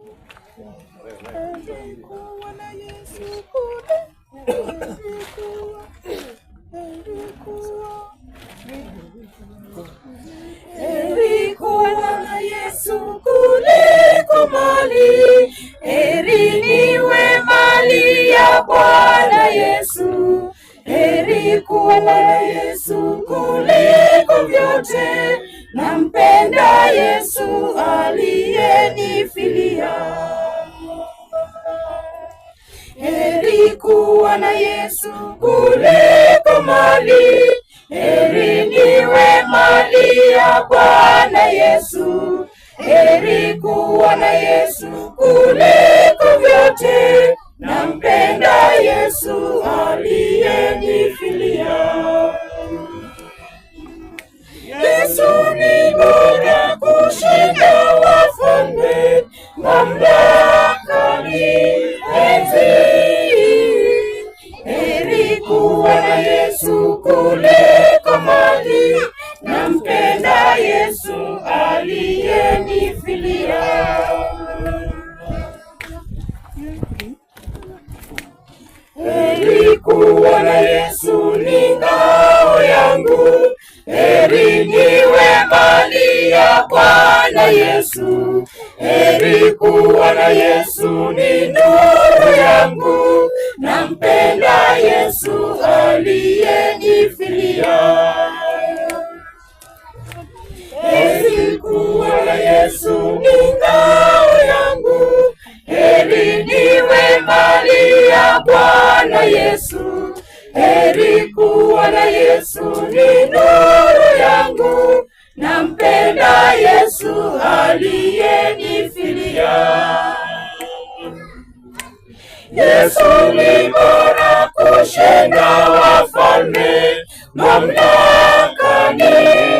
Heri kuwa na Yesu mali, heri niwe mali ya Bwana Yesu. Heri kuwa na Yesu vyote, nampenda Yesu Bwana Yesu kuliko mali. Heri niwe mali ya Bwana Yesu, heri kuwa na Yesu kuliko vyote Yesu ni ngao yangu, heri niwe mali ya Bwana Yesu, heri kuwa na Yesu ni nuru yangu, nampenda Yesu aliyenifilia. Heri kuwa na Yesu ni ngao yangu, heri niwe mali ya Bwana Yesu heri kuwa na Yesu ni nuru yangu, nampenda Yesu aliyenifilia. Yesu ni bora kushinda wafalme, mamlaka mamlakani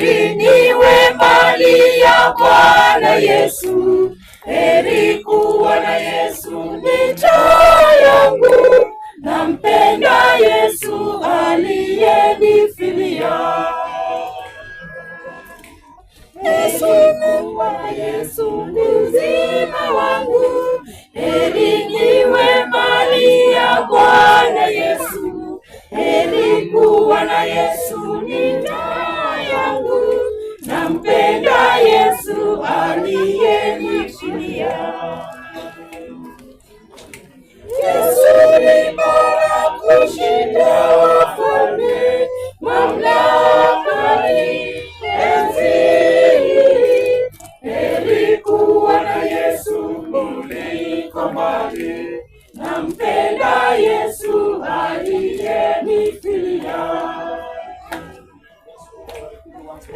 Heri ni mali ya Bwana Yesu, heri kuwa na Yesu ni taa yangu, nampenda Yesu aliyenifilia. Yesu ni Bwana, Yesu ni uzima yuko mbali, nampenda Yesu aliyenifia.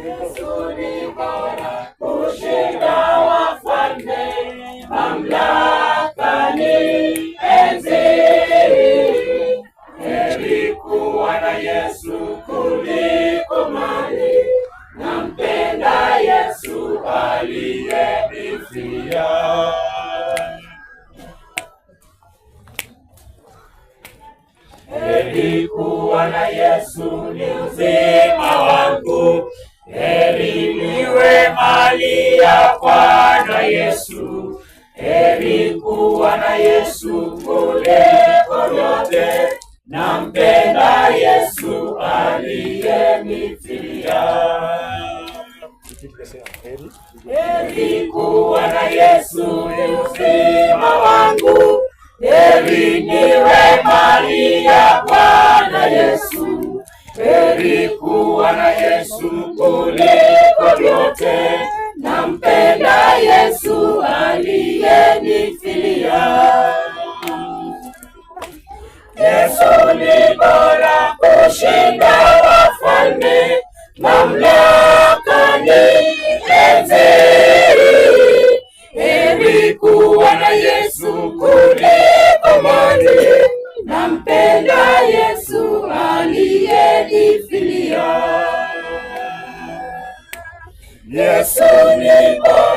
Yesu ni bora kushinda wafalme, mamlakani, enzi. Heri kuwa na Yesu heri kuwa na Yesu ni uzima wangu, heri niwe mali ya Bwana Yesu, heri kuwa na Yesu kuliko vyote, nampenda Yesu aliyenifilia. Heri kuwa na Yesu ni uzima wangu, heri niwe mali ya na Yesu, heri kuwa na Yesu kuliko vyote. Yes, Sonic.